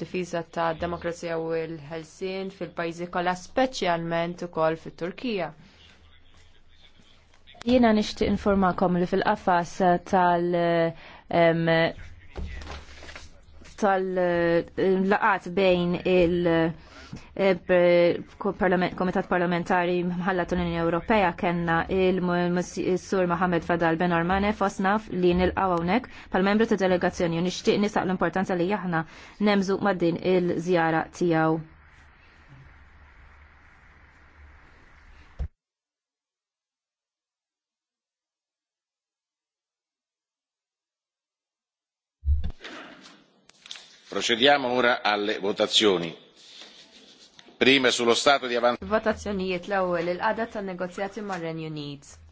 difiża ta' demokrazija u l-ħelsien fil-pajjiżi kollha speċjalment ukoll fit-Turkija. Jiena nixtieq informakom li fil-qafas tal- tal-laqat bejn il-Komitat eh, Parlamentari mħalla tal-Unjoni Ewropea kenna il-Sur Mohamed Fadal Ben Ormane fosnaf li nil-qawawnek pal-membru ta' delegazzjoni u nixtieq nisaq l-importanza li jahna nemżu maddin il-żjara tijaw Procediamo ora alle votazioni. Prima sullo stato di avanzamento. Votazioni l-ewwel il adat tan-negozjati mar-Renju Unit.